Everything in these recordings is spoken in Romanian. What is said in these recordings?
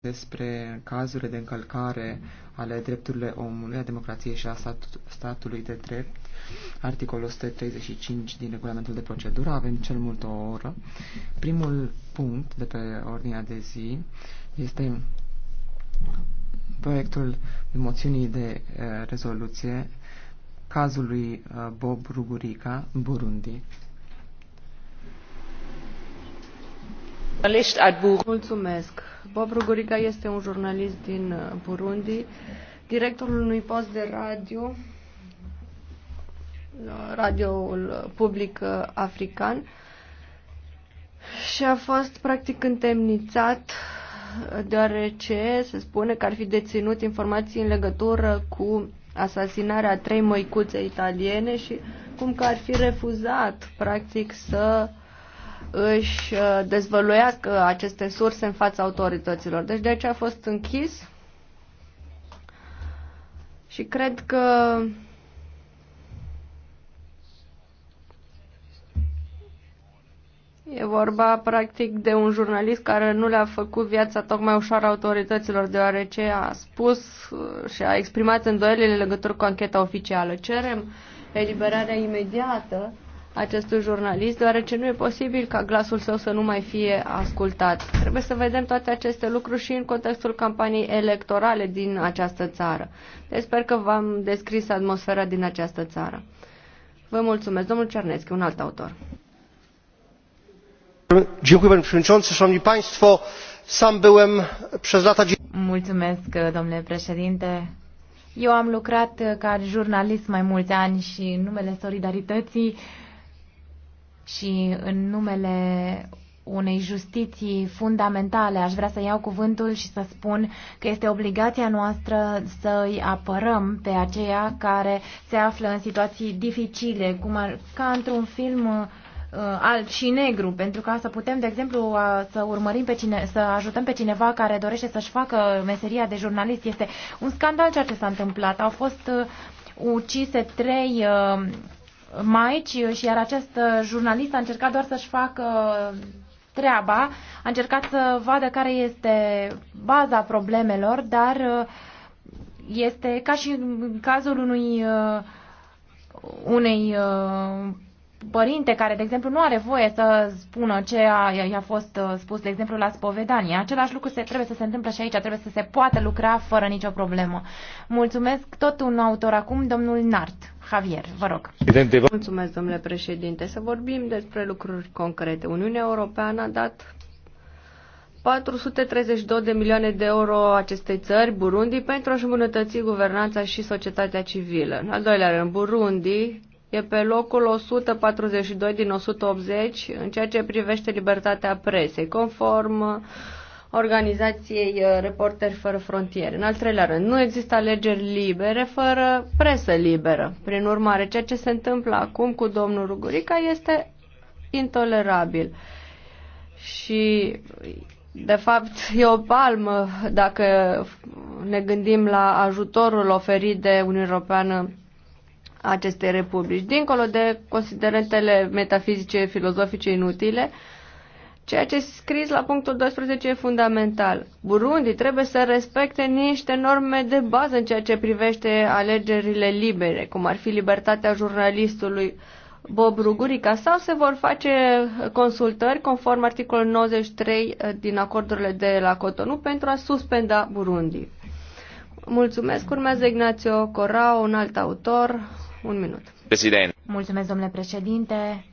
despre cazurile de încălcare ale drepturilor omului, a democrației și a statului de drept, articolul 135 din regulamentul de procedură, avem cel mult o oră. Primul punct de pe ordinea de zi este proiectul de moțiunii de eh, rezoluție cazului eh, Bob Rugurica, Burundi. Bob Rugurica este un jurnalist din uh, Burundi, directorul unui post de radio, uh, radioul uh, public african, și a fost practic întemnițat deoarece se spune că ar fi deținut informații în legătură cu asasinarea a trei măicuțe italiene și cum că ar fi refuzat practic să uh, își uh, dezvăluiască aceste surse în fața autorităților. Deci de aceea a fost închis și cred că E vorba, practic, de un jurnalist care nu le-a făcut viața tocmai ușoară autorităților, deoarece a spus uh, și a exprimat îndoielile legătură cu ancheta oficială. Cerem eliberarea imediată acestui jurnalist, deoarece nu e posibil ca glasul său să nu mai fie ascultat. Trebuie să vedem toate aceste lucruri și în contextul campaniei electorale din această țară. Deci sper că v-am descris atmosfera din această țară. Vă mulțumesc. Domnul Cernescu, un alt autor. Mulțumesc, domnule președinte. Eu am lucrat ca jurnalist mai mulți ani și în numele solidarității și în numele unei justiții fundamentale aș vrea să iau cuvântul și să spun că este obligația noastră să îi apărăm pe aceia care se află în situații dificile, cum ar, ca într-un film uh, alb și negru, pentru ca să putem, de exemplu, să urmărim pe cine, să ajutăm pe cineva care dorește să-și facă meseria de jurnalist. Este un scandal ceea ce s-a întâmplat. Au fost uh, ucise trei uh, Maici, și iar acest jurnalist a încercat doar să-și facă treaba, a încercat să vadă care este baza problemelor, dar este ca și în cazul unui unei părinte care, de exemplu, nu are voie să spună ce a, i-a fost uh, spus, de exemplu, la spovedanie. Același lucru se, trebuie să se întâmple și aici, trebuie să se poată lucra fără nicio problemă. Mulțumesc tot un autor acum, domnul Nart. Javier, vă rog. Mulțumesc, domnule președinte. Să vorbim despre lucruri concrete. Uniunea Europeană a dat 432 de milioane de euro acestei țări, Burundi, pentru a-și îmbunătăți guvernanța și societatea civilă. În al doilea rând, Burundi e pe locul 142 din 180 în ceea ce privește libertatea presei, conform organizației uh, Reporteri Fără Frontiere. În al treilea rând, nu există alegeri libere fără presă liberă. Prin urmare, ceea ce se întâmplă acum cu domnul Rugurica este intolerabil. Și de fapt, e o palmă dacă ne gândim la ajutorul oferit de Uniunea Europeană acestei republici, dincolo de considerentele metafizice, filozofice inutile, Ceea ce scris la punctul 12 e fundamental. Burundi trebuie să respecte niște norme de bază în ceea ce privește alegerile libere, cum ar fi libertatea jurnalistului Bob Rugurica, sau se vor face consultări conform articolul 93 din acordurile de la Cotonou pentru a suspenda Burundi. Mulțumesc, urmează Ignațio Corao, un alt autor. Un minut. Președinte. Mulțumesc, domnule președinte.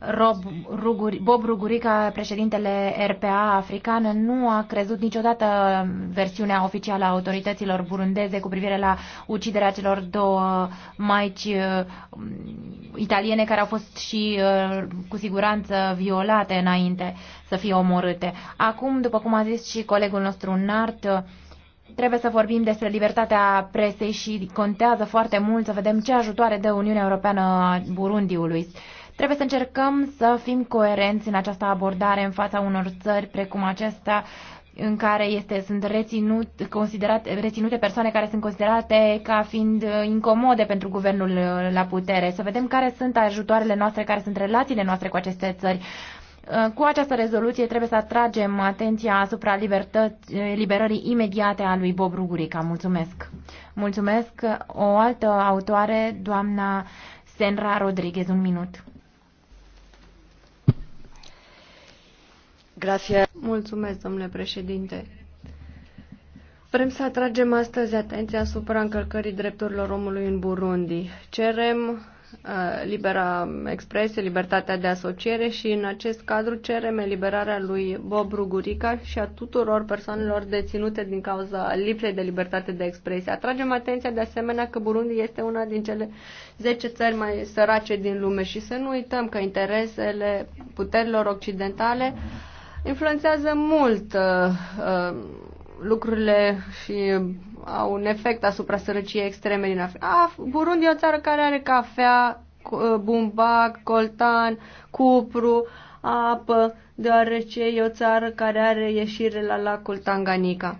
Rob Ruguri, Bob Rugurica, președintele RPA africană, nu a crezut niciodată versiunea oficială a autorităților burundeze cu privire la uciderea celor două maici uh, italiene care au fost și uh, cu siguranță violate înainte să fie omorâte. Acum, după cum a zis și colegul nostru Nart, uh, Trebuie să vorbim despre libertatea presei și contează foarte mult să vedem ce ajutoare dă Uniunea Europeană Burundiului. Trebuie să încercăm să fim coerenți în această abordare în fața unor țări precum acesta, în care este, sunt reținut, considerate, reținute persoane care sunt considerate ca fiind uh, incomode pentru guvernul uh, la putere. Să vedem care sunt ajutoarele noastre, care sunt relațiile noastre cu aceste țări. Uh, cu această rezoluție trebuie să atragem atenția asupra uh, liberării imediate a lui Bob Rugurica. Mulțumesc! Mulțumesc! O altă autoare, doamna Senra Rodriguez, un minut. Grazie. Mulțumesc, domnule președinte. Vrem să atragem astăzi atenția asupra încălcării drepturilor omului în Burundi. Cerem Uh, libera expresie, libertatea de asociere și în acest cadru cerem eliberarea lui Bob Rugurica și a tuturor persoanelor deținute din cauza lipsei de libertate de expresie. Atragem atenția de asemenea că Burundi este una din cele 10 țări mai sărace din lume și să nu uităm că interesele puterilor occidentale influențează mult uh, uh, lucrurile și au un efect asupra sărăciei extreme din Africa. Burundi e o țară care are cafea, uh, bumbac, coltan, cupru, apă, deoarece e o țară care are ieșire la lacul Tanganyika.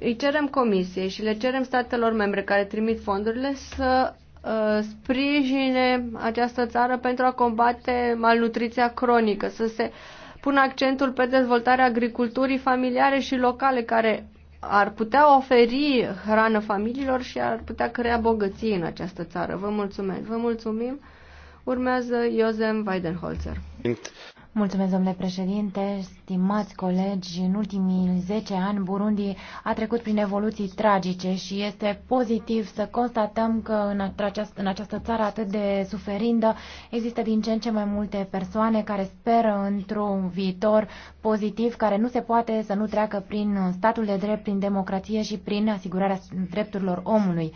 Îi cerem comisiei și le cerem statelor membre care trimit fondurile să uh, sprijine această țară pentru a combate malnutriția cronică, să se pună accentul pe dezvoltarea agriculturii familiare și locale care ar putea oferi hrană familiilor și ar putea crea bogății în această țară. Vă mulțumesc. Vă mulțumim. Urmează Iosem Weidenholzer. Mulțumesc, domnule președinte, stimați colegi. În ultimii 10 ani, Burundi a trecut prin evoluții tragice și este pozitiv să constatăm că în această, în această țară atât de suferindă există din ce în ce mai multe persoane care speră într-un viitor pozitiv care nu se poate să nu treacă prin statul de drept, prin democrație și prin asigurarea drepturilor omului.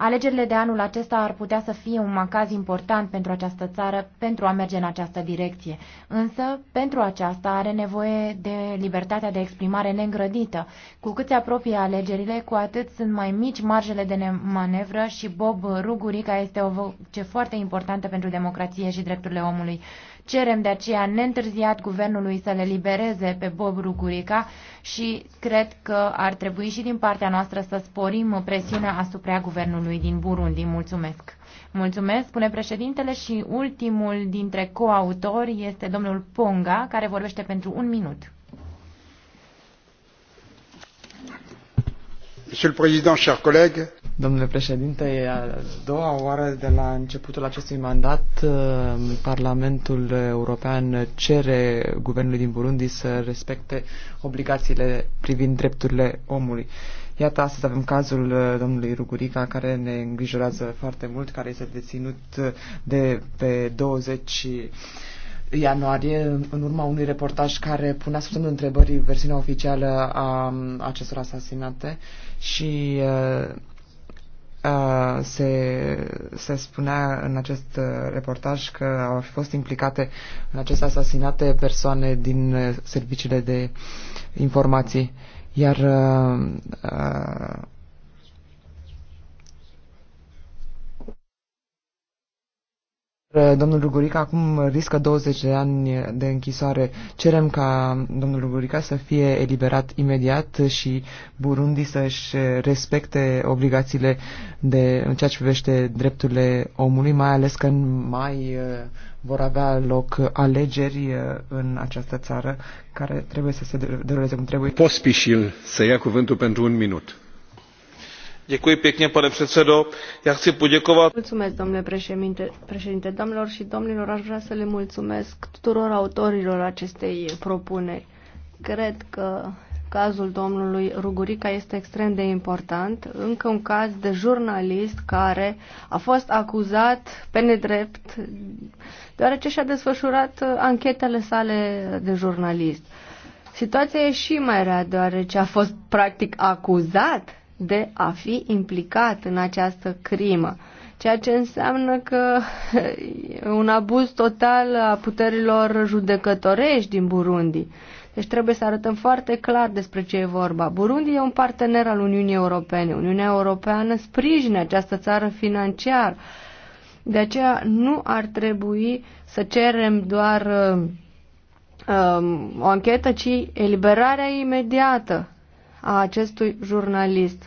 Alegerile de anul acesta ar putea să fie un macaz important pentru această țară pentru a merge în această direcție. Însă, pentru aceasta are nevoie de libertatea de exprimare neîngrădită. Cu cât se apropie alegerile, cu atât sunt mai mici marjele de manevră și Bob Rugurica este o voce foarte importantă pentru democrație și drepturile omului. Cerem de aceea neîntârziat guvernului să le libereze pe Bob Rugurica și cred că ar trebui și din partea noastră să sporim presiunea asupra guvernului guvernului din Burundi. Mulțumesc! Mulțumesc, spune președintele și ultimul dintre coautori este domnul Ponga, care vorbește pentru un minut. Domnule președinte, e a doua oară de la începutul acestui mandat uh, Parlamentul European cere guvernului din Burundi să respecte obligațiile privind drepturile omului. Iată, astăzi avem cazul uh, domnului Rugurica, care ne îngrijorează foarte mult, care este deținut uh, de pe 20 ianuarie, în urma unui reportaj care punea sub semnul întrebării versiunea oficială a um, acestor asasinate și uh, se, se spunea în acest reportaj că au fost implicate în aceste asasinate persoane din serviciile de informații. Uh, iar uh, uh, Ă, domnul Rugurica acum riscă 20 de ani de închisoare. Cerem ca domnul Rugurica să fie eliberat imediat și Burundi să-și respecte obligațiile de, în ceea ce privește drepturile omului, mai ales că în mai ă, vor avea loc alegeri ă, în această țară care trebuie să se deruleze cum trebuie. Pospișil să ia cuvântul pentru un minut pane předsedající já chci poděkovat. mulțumesc domnule președinte, președinte doamnelor și domnilor aș vrea să le mulțumesc tuturor autorilor acestei propuneri. cred că cazul domnului Rugurica este extrem de important, încă un caz de jurnalist care a fost acuzat pe nedrept deoarece și-a desfășurat anchetele sale de jurnalist. Situația e și mai rea deoarece a fost practic acuzat de a fi implicat în această crimă, ceea ce înseamnă că un abuz total a puterilor judecătorești din Burundi. Deci trebuie să arătăm foarte clar despre ce e vorba. Burundi e un partener al Uniunii Europene. Uniunea Europeană sprijină această țară financiar. De aceea nu ar trebui să cerem doar uh, o anchetă, ci eliberarea imediată a acestui jurnalist.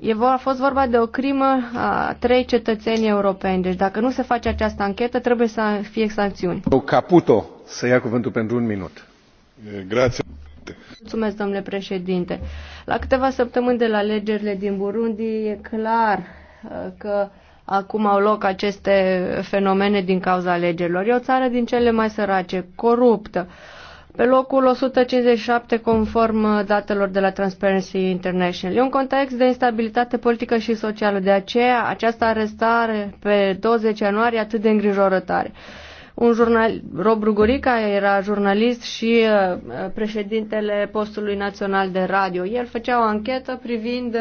E, a fost vorba de o crimă a trei cetățeni europeni. Deci dacă nu se face această anchetă, trebuie să fie sancțiuni. Caputo, să ia cuvântul pentru un minut. Grație. Mulțumesc, domnule președinte. La câteva săptămâni de la alegerile din Burundi e clar uh, că acum au loc aceste fenomene din cauza alegerilor. E o țară din cele mai sărace, coruptă. Uh, pe locul 157 conform uh, datelor de la Transparency International. E un context de instabilitate politică și socială, de aceea această arestare pe 20 ianuarie atât de îngrijorătoare. Un jurnal, Rob Rugurica era jurnalist și uh, președintele postului național de radio. El făcea o anchetă privind uh,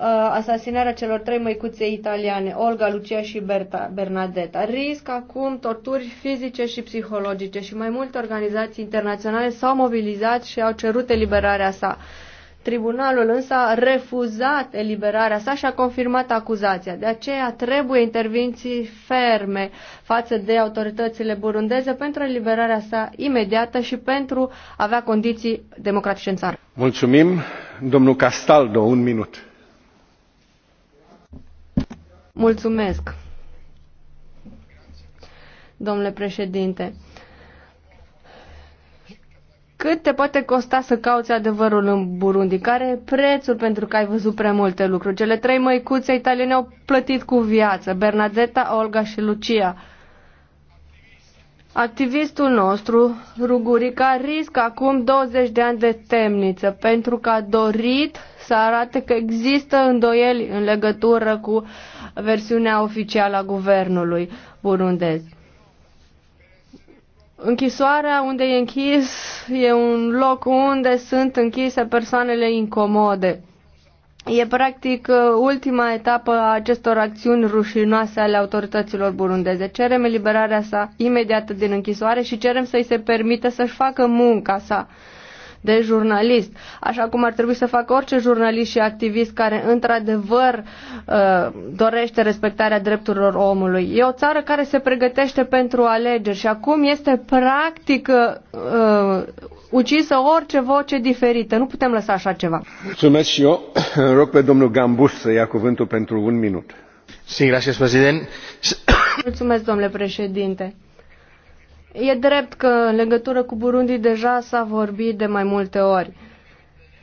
Uh, asasinarea celor trei măicuțe italiane, Olga, Lucia și Berta, Bernadetta. Risc acum torturi fizice și psihologice și mai multe organizații internaționale s-au mobilizat și au cerut eliberarea sa. Tribunalul însă a refuzat eliberarea sa și a confirmat acuzația. De aceea trebuie intervenții ferme față de autoritățile burundeze pentru eliberarea sa imediată și pentru a avea condiții democratice în țară. Mulțumim. Domnul Castaldo, un minut Mulțumesc, domnule președinte. Cât te poate costa să cauți adevărul în Burundi? Care e prețul pentru că ai văzut prea multe lucruri? Cele trei măicuțe italiene au plătit cu viață, Bernadetta, Olga și Lucia. Activistul nostru, Rugurica, riscă acum 20 de ani de temniță pentru că a dorit să arate că există îndoieli în legătură cu versiunea oficială a guvernului burundez. Închisoarea unde e închis e un loc unde sunt închise persoanele incomode E practic uh, ultima etapă a acestor acțiuni rușinoase ale autorităților burundeze. Cerem eliberarea sa imediată din închisoare și cerem să-i se permită să-și facă munca sa de jurnalist, așa cum ar trebui să facă orice jurnalist și activist care într-adevăr uh, dorește respectarea drepturilor omului. E o țară care se pregătește pentru alegeri și acum este practic uh, uh ucisă orice voce diferită. Nu putem lăsa așa ceva. Mulțumesc și eu. Rog pe domnul Gambus să ia cuvântul pentru un minut. Sí, gracias, Mulțumesc, domnule președinte. E drept că în legătură cu Burundi deja s-a vorbit de mai multe ori.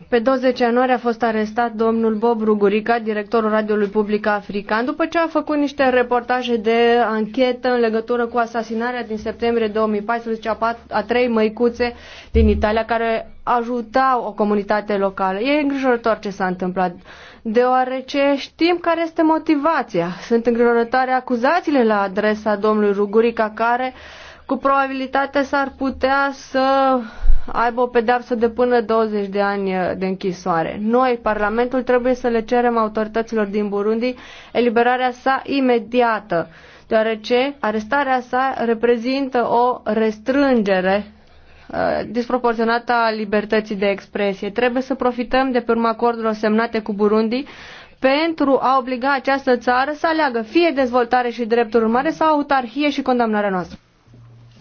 Pe 20 ianuarie a fost arestat domnul Bob Rugurica, directorul radioului public african, după ce a făcut niște reportaje de anchetă în legătură cu asasinarea din septembrie 2014 a, pat- a trei măicuțe din Italia care ajutau o comunitate locală. E îngrijorător ce s-a întâmplat, deoarece știm care este motivația. Sunt îngrijorătoare acuzațiile la adresa domnului Rugurica care uh, cu probabilitate s-ar putea să aibă o pedeapsă de până 20 de ani eh, de închisoare. Noi, Parlamentul, trebuie să le cerem autorităților din Burundi eliberarea sa imediată, deoarece arestarea sa reprezintă o restrângere eh, disproporționată a libertății de expresie. Trebuie să profităm de pe urma acordurilor semnate cu Burundi pentru a obliga această țară să aleagă fie dezvoltare și drepturi urmare sau autarhie și condamnarea noastră.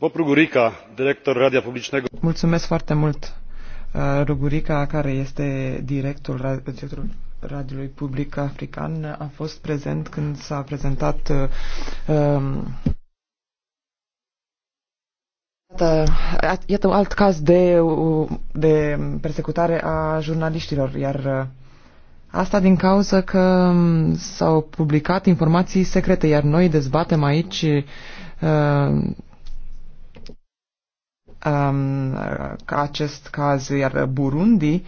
bob rugurika dyrektor radia publicznego. mulțumesc foarte mult rugurika care este directorul radioului public african a fost prezent când s a prezentat um, Iată, un alt caz de, de persecutare a jurnaliștilor, iar Asta din cauza că mm, s-au publicat informații secrete, iar noi dezbatem aici uh, um, acest caz, iar Burundi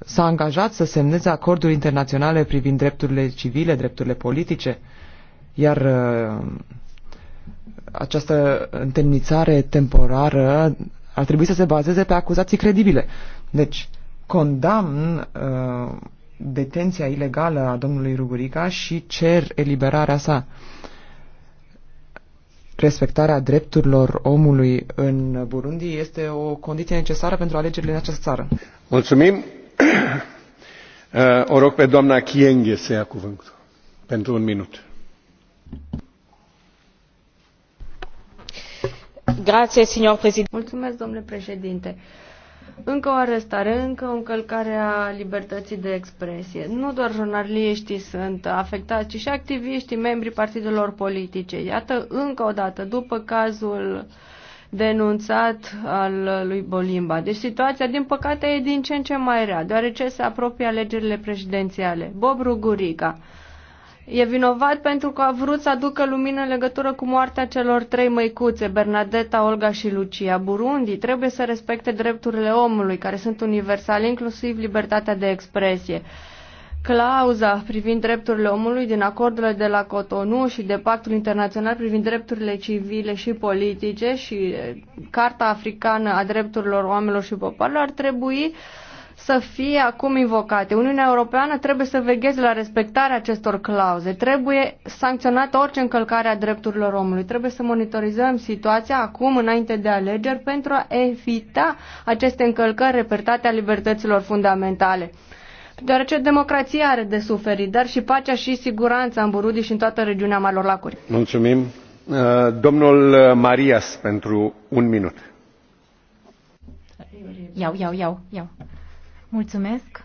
s-a angajat să semneze acorduri internaționale privind drepturile civile, drepturile politice, iar uh, această întemnițare temporară ar trebui să se bazeze pe acuzații credibile. Deci, condamn uh, detenția ilegală a domnului Rugurica și cer eliberarea sa. Respectarea drepturilor omului în Burundi este o condiție necesară pentru alegerile în această țară. Mulțumim. Uh, o rog pe doamna Chienghe să ia cuvântul pentru un minut. Grazie, Mulțumesc, domnule președinte încă o arestare, încă o încălcare a libertății de expresie. Nu doar jurnaliștii sunt afectați, ci și activiștii, membrii partidelor politice. Iată, încă o dată, după cazul denunțat al lui Bolimba. Deci situația, din păcate, e din ce în ce mai rea, deoarece se apropie alegerile prezidențiale. Bob Rugurica, E vinovat pentru că a vrut să aducă lumină în legătură cu moartea celor trei măicuțe, Bernadetta, Olga și Lucia. Burundi trebuie să respecte drepturile omului, care sunt universale, inclusiv libertatea de expresie. Clauza privind drepturile omului din acordurile de la Cotonou și de pactul internațional privind drepturile civile și politice și Carta Africană a Drepturilor Oamenilor și Popoarelor ar trebui uh, să fie acum invocate. Uniunea Europeană trebuie să vegheze la respectarea acestor clauze. Trebuie sancționată orice încălcare a drepturilor omului. Trebuie să monitorizăm situația acum, înainte de alegeri, pentru a evita aceste încălcări repertate a libertăților fundamentale deoarece democrația are de suferit, dar și pacea și siguranța în Burundi și în toată regiunea Marilor Lacuri. Mulțumim. Uh, domnul Marias pentru un minut. Iau, iau, iau, iau. Mulțumesc.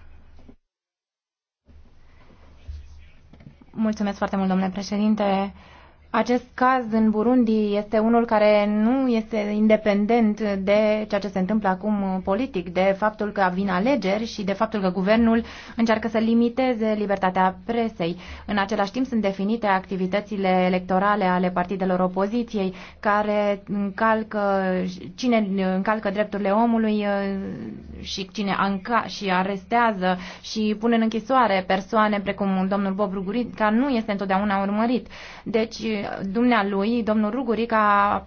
Mulțumesc foarte mult, domnule președinte. Acest caz în Burundi este unul care nu este independent de ceea ce se întâmplă acum uh, politic, de faptul că vin alegeri și de faptul că guvernul încearcă să limiteze libertatea presei. În același timp sunt definite activitățile electorale ale partidelor opoziției care încalcă, cine încalcă drepturile omului uh, și cine anca, și arestează și pune în închisoare persoane precum domnul Bob care nu este întotdeauna urmărit. Deci dumnealui, domnul Rugurica,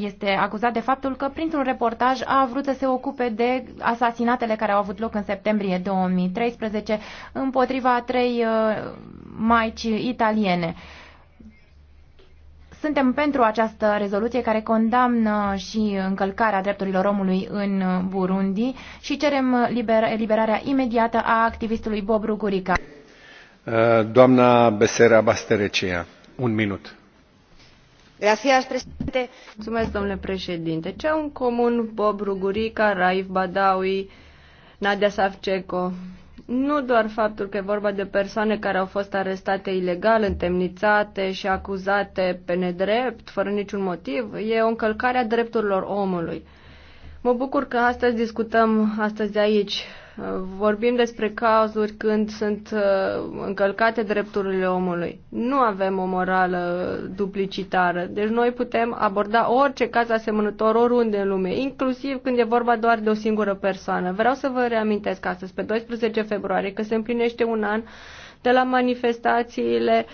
este acuzat de faptul că printr-un reportaj a vrut să se ocupe de asasinatele care au avut loc în septembrie 2013 împotriva trei uh, maici italiene. Suntem pentru această rezoluție care condamnă și încălcarea drepturilor omului în Burundi și cerem liberarea imediată a activistului Bob Rugurica uh, doamna Besera Basterecea, un minut domnule președinte. Ce au în comun Bob Rugurica, Raif Badawi, Nadia Savchenko? Nu doar faptul că e vorba de persoane care au fost arestate ilegal, întemnițate și acuzate pe nedrept, fără niciun motiv, e o încălcare a drepturilor omului. Mă bucur că astăzi discutăm astăzi aici Vorbim despre cazuri când sunt uh, încălcate drepturile omului. Nu avem o morală duplicitară. Deci noi putem aborda orice caz asemănător oriunde în lume, inclusiv când e vorba doar de o singură persoană. Vreau să vă reamintesc astăzi, pe 12 februarie, că se împlinește un an de la manifestațiile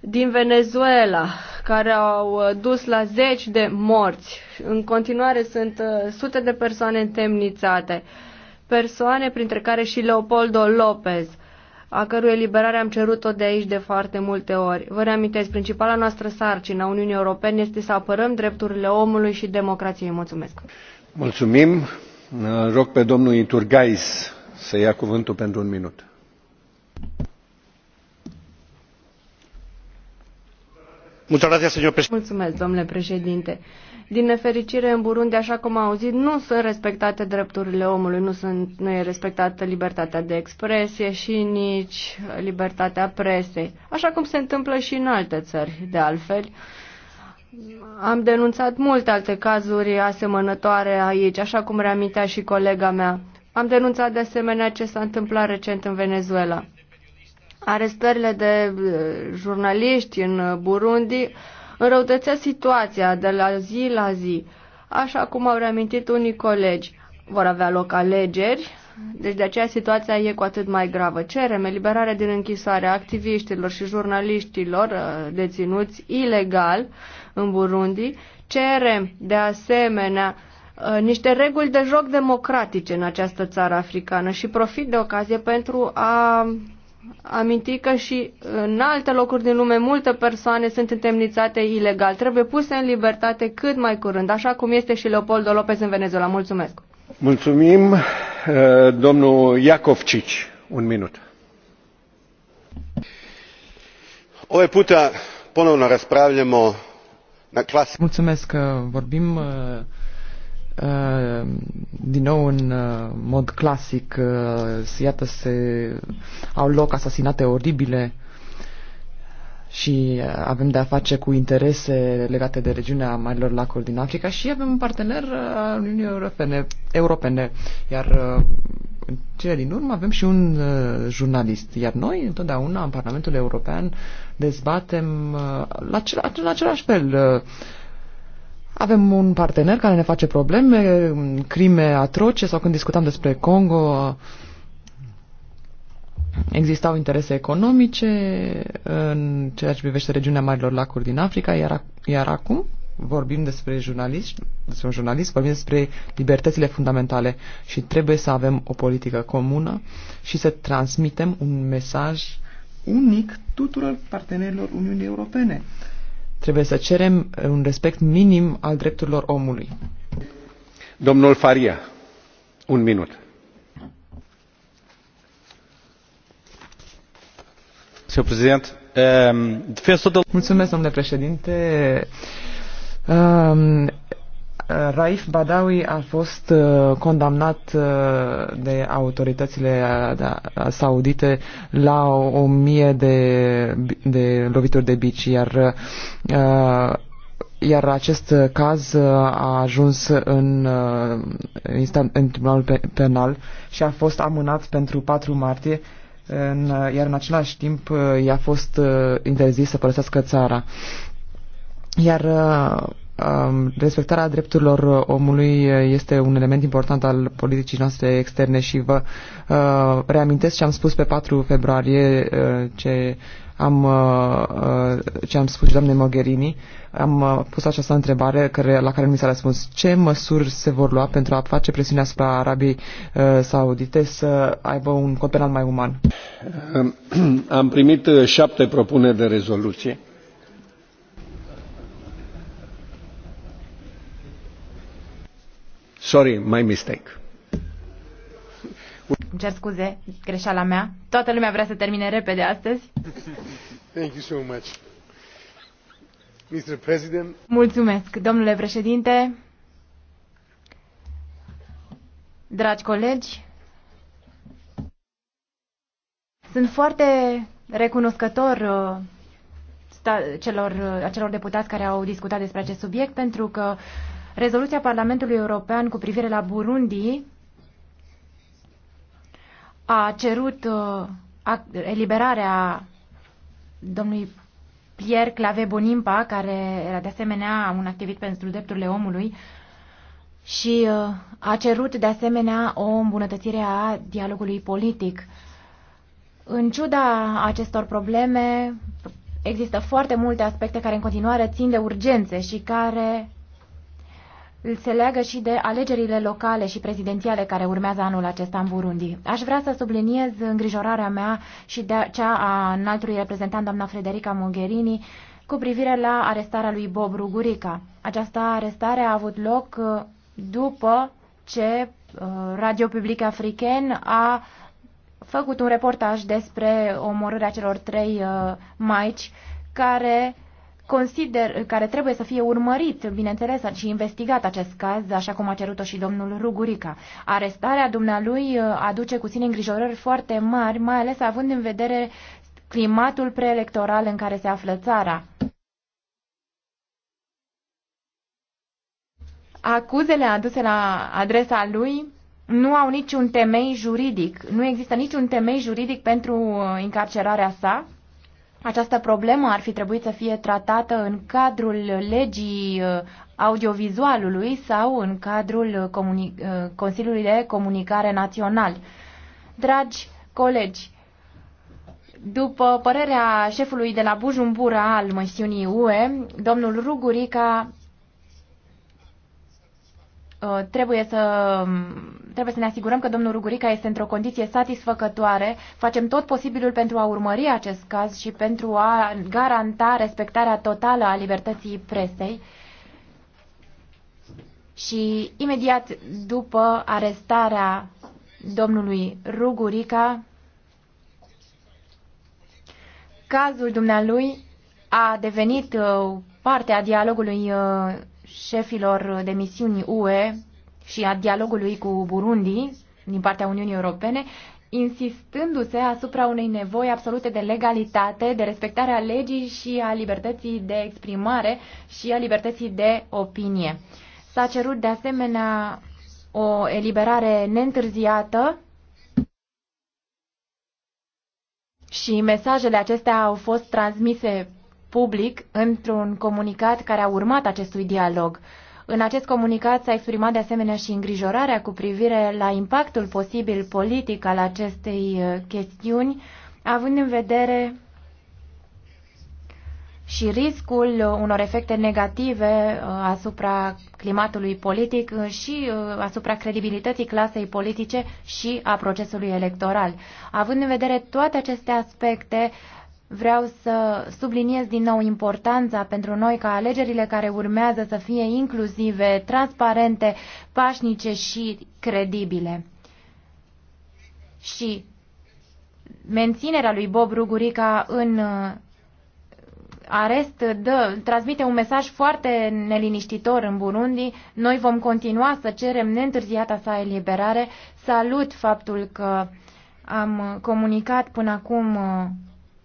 din Venezuela, care au uh, dus la zeci de morți. În continuare sunt uh, sute de persoane întemnițate. Uh, persoane, printre care și Leopoldo Lopez, a cărui eliberare am cerut-o de aici de foarte multe ori. Vă reamintesc, principala noastră sarcină a Uniunii Europene este să apărăm drepturile omului și democrației. Mulțumesc! Mulțumim! Rog pe domnul Iturgais să ia cuvântul pentru un minut. Mulțumesc, domnule președinte din nefericire, în Burundi, așa cum am auzit, nu sunt respectate drepturile omului, nu, sunt, nu e respectată libertatea de expresie și nici libertatea presei, așa cum se întâmplă și în alte țări, de altfel. Am denunțat multe alte cazuri asemănătoare aici, așa cum reamintea și colega mea. Am denunțat de asemenea ce s-a întâmplat recent în Venezuela. Arestările de uh, jurnaliști în Burundi înrăutățea situația de la zi la zi. Așa cum au reamintit unii colegi, vor avea loc alegeri, deci de aceea situația e cu atât mai gravă. Cerem eliberarea din închisoare a activiștilor și jurnaliștilor uh, deținuți ilegal în Burundi. Cerem de asemenea uh, niște reguli de joc democratice în această țară africană și profit de ocazie pentru a aminti că și în alte locuri din lume multe persoane sunt întemnițate ilegal. Trebuie puse în libertate cât mai curând, așa cum este și Leopoldo López în Venezuela. Mulțumesc! Mulțumim, uh, domnul Cici, Un minut. Ove puta ponovno raspravljamo na klasiku. Mulțumesc că uh, vorbim uh, Uh, din nou în uh, mod clasic, uh, iată, se, au loc asasinate oribile și avem de a face cu interese legate de regiunea Marilor Lacuri din Africa și avem un partener al Uniunii Europene, Europene. Iar în cele din urmă avem și un jurnalist. Iar noi, întotdeauna, în Parlamentul European, dezbatem la, la același fel uh, avem un partener care ne face probleme, crime atroce sau când discutam despre Congo, existau interese economice în ceea ce privește regiunea Marilor Lacuri din Africa, iar, iar acum vorbim despre jurnalist, despre un jurnalist, vorbim despre libertățile fundamentale și trebuie să avem o politică comună și să transmitem un mesaj unic tuturor partenerilor Uniunii Europene. Trebuie să cerem uh, un respect minim al drepturilor omului. Domnul Faria, un minut. Ehm, da Mulțumesc, domnule președinte. Ehm, Uh, Raif Badawi a fost uh, condamnat uh, de autoritățile da, saudite la o mie de, de lovituri de bici, iar iar acest caz a ajuns în, în tribunalul penal și a fost amânat pentru 4 martie, în, iar în același timp i-a fost interzis să părăsească țara. Iar Um, respectarea drepturilor omului uh, este un element important al politicii noastre externe și vă uh, reamintesc ce am spus pe 4 februarie, uh, ce am, ce am spus doamnei Mogherini, am pus această întrebare care, la care nu mi s-a răspuns. Ce măsuri se vor lua pentru a face presiunea asupra Arabiei Saudite să aibă un cod penal mai uman? Am primit șapte propuneri de rezoluție Sorry, my mistake. Îmi cer scuze, greșeala mea. Toată lumea vrea să termine repede astăzi. Thank you so much. Mr. President. Mulțumesc, domnule președinte. Dragi colegi, sunt foarte recunoscător uh, celor, uh, acelor deputați care au discutat despre acest subiect pentru că Rezoluția Parlamentului European cu privire la Burundi a cerut uh, eliberarea domnului Pierre Clave Bonimpa, care era de asemenea un activist pentru drepturile omului, și uh, a cerut de asemenea o îmbunătățire a dialogului politic. În ciuda acestor probleme, există foarte multe aspecte care în continuare țin de urgențe și care se leagă și de alegerile locale și prezidențiale care urmează anul acesta în Burundi. Aș vrea să subliniez îngrijorarea mea și de cea a înaltului reprezentant, doamna Frederica Mogherini, cu privire la arestarea lui Bob Rugurica. Această arestare a avut loc uh, după ce uh, Radio Public African a făcut un reportaj despre omorârea celor trei uh, maici care consider, care trebuie să fie urmărit, bineînțeles, și investigat acest caz, așa cum a cerut-o și domnul Rugurica. Arestarea dumnealui uh, aduce cu sine îngrijorări foarte mari, mai ales având în vedere climatul preelectoral în care se află țara. Acuzele aduse la adresa lui nu au niciun temei juridic. Nu există niciun temei juridic pentru uh, încarcerarea sa această problemă ar fi trebuit să fie tratată în cadrul legii uh, audiovizualului sau în cadrul uh, Comuni- uh, Consiliului de Comunicare Național. Dragi colegi, după părerea șefului de la Bujumbura al măsiunii UE, domnul Rugurica trebuie să um, trebuie să ne asigurăm că domnul Rugurica este într-o condiție satisfăcătoare. Facem tot posibilul pentru a urmări acest caz și pentru a garanta respectarea totală a libertății presei. Și imediat după arestarea domnului Rugurica, cazul dumnealui a devenit uh, parte a dialogului uh, șefilor de misiuni UE și a dialogului cu Burundi din partea Uniunii Europene, insistându-se asupra unei nevoi absolute de legalitate, de respectarea legii și a libertății de exprimare și a libertății de opinie. S-a cerut de asemenea o eliberare neîntârziată și mesajele acestea au fost transmise public într-un comunicat care a urmat acestui dialog. În acest comunicat s-a exprimat de asemenea și îngrijorarea cu privire la impactul posibil politic al acestei uh, chestiuni, având în vedere și riscul uh, unor efecte negative uh, asupra climatului politic și asupra credibilității clasei politice și a procesului electoral. Având în vedere toate aceste aspecte, Vreau să subliniez din nou importanța pentru noi ca alegerile care urmează să fie inclusive, transparente, pașnice și credibile. Și menținerea lui Bob Rugurica în uh, arest dă, transmite un mesaj foarte neliniștitor în Burundi. Noi vom continua să cerem neîntârziata sa eliberare. Salut faptul că am comunicat până acum uh,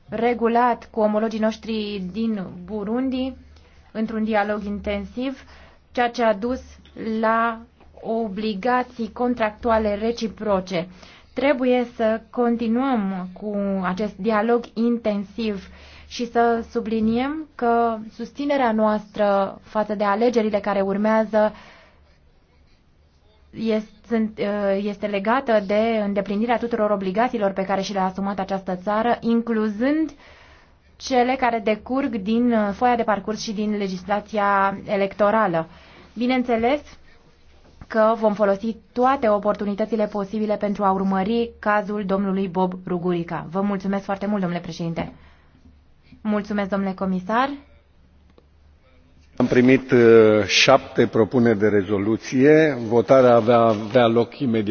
regulat cu omologii noștri din Burundi, într-un dialog intensiv, ceea ce a dus la obligații contractuale reciproce. Trebuie să continuăm cu acest dialog intensiv și să subliniem că susținerea noastră față de alegerile care urmează este sunt, uh, este legată de îndeplinirea tuturor obligațiilor pe care și le-a asumat această țară, incluzând cele care decurg din uh, foaia de parcurs și din legislația electorală. Bineînțeles că vom folosi toate oportunitățile posibile pentru a urmări cazul domnului Bob Rugurica. Vă mulțumesc foarte mult, domnule președinte. Mulțumesc, domnule comisar am primit uh, șapte propuneri de rezoluție votarea va avea loc imediat după amiaza.